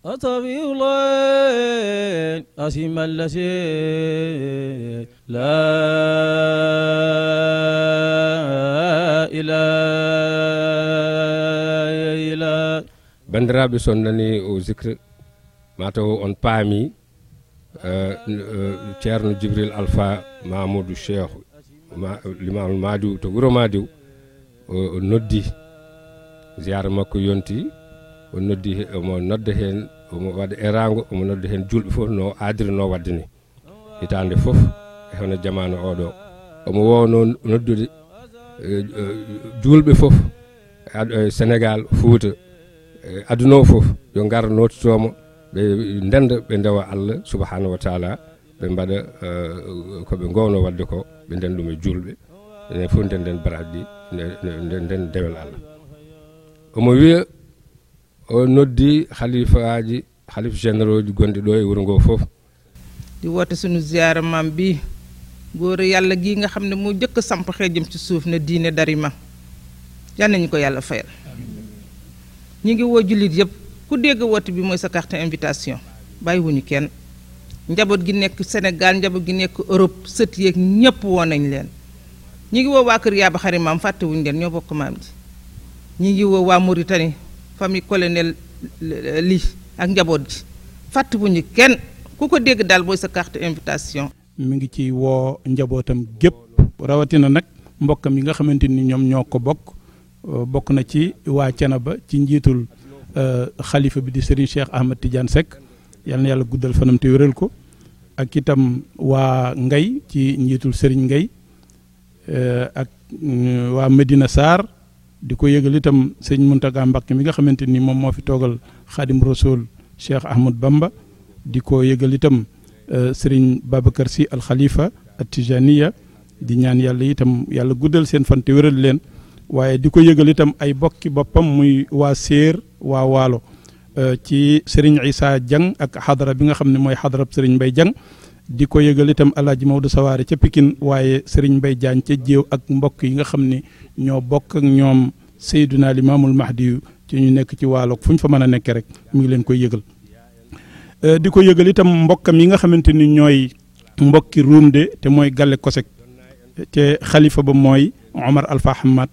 أطفئ الله أسم الذي لا إله إلا bandiraɓe sonnani o zicre mataw on paami euh, euh, ceerno djibril alpha mamoudou cheikh limamul madiw to wuuro madiw noddi ziyara makko yonti o noddi omo nodda heen omo waɗa eraango omo nodda heen julɓe fof no aadirno wadde ni hitaande fof e hono jamanu oɗo omo wowno noddude e, e, julɓe fof sénégal fouta aduna o fof yo ngar notitomo ɓe ndenda ɓe ndewa allah subahanahu wa ɓe mbaɗa koɓe gowno wadde ko ɓe nden ɗum e julɓe fof nden nden baraɗe ɗi nden ndewel allah o noddi halifaji halif généraux ji gonɗi ɗo e foofu ngo fof di woote sunu ziyaara maam bi góor yàlla gi nga xam ne moo jëkk a samp xeejam ci suuf ne diine dari ma yal nañu ko yàlla fayal ñi ngi woo jullit yëpp ku dégg woote bi mooy sa carte invitation bàyyiwuñu kenn njaboot gi nekk senegal njaboot gi nekk Europe sët yeeg ñépp woo nañ leen ñi ngi woo waa kër Yaaba Xari maam fàttewuñu leen ñoo bokk maam ji ñi ngi woo waa Mauritanie famille colonel euh, lii ak njaboot ji fàttewuñu kenn ku ko dégg daal booy sa carte invitation. mu ngi ci woo njabootam gépp rawatina nag mbokkam yi nga xamante ni ñoom ñoo ko bokk euh, bokk na ci waa Thiénaba ci njiitul euh, xalifa bi di Serigne Cheikh Ahmed Tidiane Seck yal na yàlla guddal fanam te wéral ko ak itam waa Ngay ci njiitul Serigne Ngay ak waa Medina Sarr. di ko yëgal itam sëñ Muntaga Mbakke mi nga xamante ni moom moo fi toogal xaadim rasul Cheikh Ahmad Bamba di ko yëgal itam euh, sëriñ Babacar Sy al Khalifa at di ñaan yàlla itam yàlla guddal seen fan wéral leen waaye di ko yëgal itam ay bokki boppam muy waa séer waa waalo euh, ci sëriñ Issa Dieng ak xadara bi nga xam ne mooy xadarab sëriñ Mbay Dieng di ko yëgal itam alaaji Maodo Sawaare ca Pikine waaye Serigne Mbaye Diagne ca Jéew ak mbokk yi nga xam ne ñoo bokk ak ñoom Seydunaa Limaamul Mahdi ci ñu nekk ci waaloog fu ñu fa mën a nekkee rek mu ngi leen koy yëgal eh, di ko yëgal itam mbokkam yi nga xamante ni ñooy mbokki ruum de te mooy gale Kosek te xalifa ba mooy Omar Alpha Hamad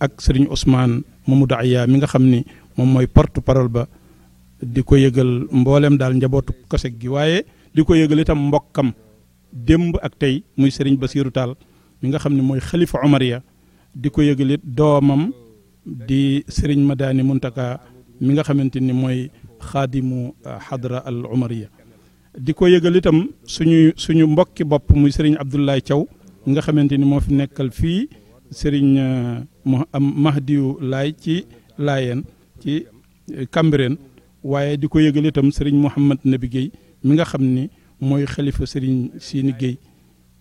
ak Serigne Ousmane Mamadou Aya mi nga xam ni moom mooy porte parole ba di ko yëgal mboolem daal njabootu Kosek gi waaye. di ko yëgal itam mbokkam démb ak tey muy Serigne Bassirou Tall mi nga xam ne mooy xalifa Omariya di ko yëgal it doomam di Serigne Madani Muntaka mi nga xamante ni mooy xaadimu uh, xadra al Omariya di ko yëgal itam suñu suñu mbokki bopp muy Serigne Abdoulaye caw nga xamante ni moo fi nekkal fii Serigne uh, Mahdiou Laay ci Laayeen ci uh, Cambérène waaye di ko yëgal itam Serigne Mouhamad Nabi Guèye mi nga xam ni mooy xalifa Serigne Sini Gueye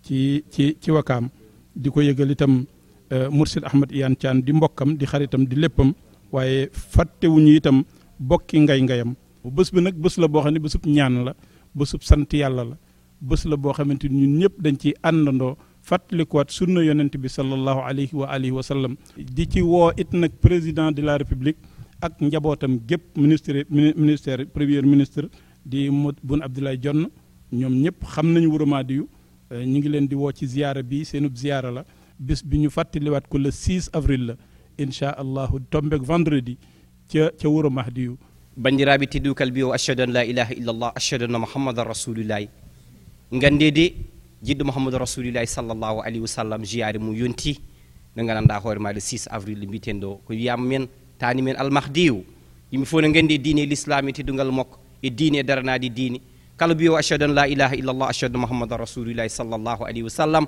ci ci ci wakaam di ko yëgal itam euh, Mursid Ahmad Iyane Thian di mbokkam di xaritam di léppam waaye fàttewuñu itam bokki ngay-ngayam bés bi nag bés la boo xam ne bésub ñaan la bésub sant yàlla la bés la boo xamante ni ñun ñëpp dañ ci àndandoo fàttalikuwaat sunna yonent bi sallallahu alayhi wa alihi wa sallam di ci woo it nag président de la république ak njabootam gépp ministre ministère première ministre di mot bun Abdoulaye Jonn ñoom ñëpp xam nañu Wouro Madiou euh, ñu ngi leen di woo ci ziyaara bi seenub ziyaara la bis bi ñu fàttaliwaat ko le 6 avril la inchaa allahu tombeek vendredi ca ca Wouro Madiou bandiraɓe teddugal mbiyo ashhadu an la ilaha illallah ashhadu anna mouhammadan rasulullahi gandede jiɗɗo mouhammadou rasulullahi sallllahu alayhi wa sallam jiyare mum yonti no gandanɗa hoore ma le 6 avril mbiten ɗo ko wiyama men tani men almahdiyu yimɓe fof ne gandi diine l'islam e teddugal makko e diine daranaadi diini kala mbiyo achadu an la ilaha illallah achadu mouhammadan rasulullahi sallllahu alayhi wa sallam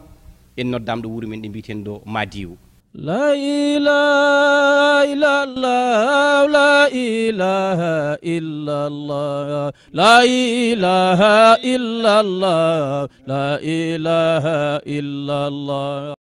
en noddama ɗo wuuro men ɗe mbiten ɗo madiwu la ilaha illallah la ilaha illallah la ilaha illallah la ilaha illallah